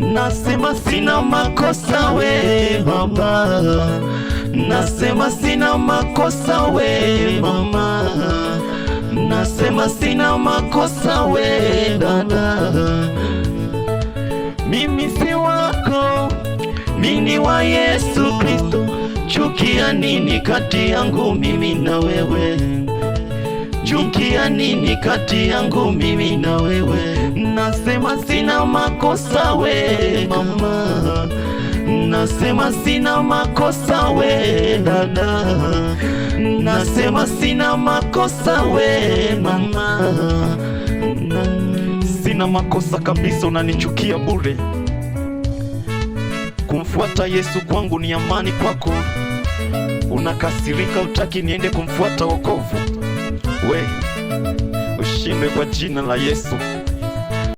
Nasema sina makosa we baba, nasema sina makosa we mama, nasema sina makosa we dada, mimi si wako, mimi wa Yesu Kristo. Chukia nini kati yangu mimi na wewe? Unachukia nini kati yangu mimi na wewe? Nasema sina makosa we mama, nasema sina makosa we dada, nasema sina makosa we mama, sina makosa kabisa, unanichukia bure. Kumfuata Yesu kwangu ni amani, kwako unakasirika, utaki niende kumfuata wokovu we ushindwe kwa jina la Yesu.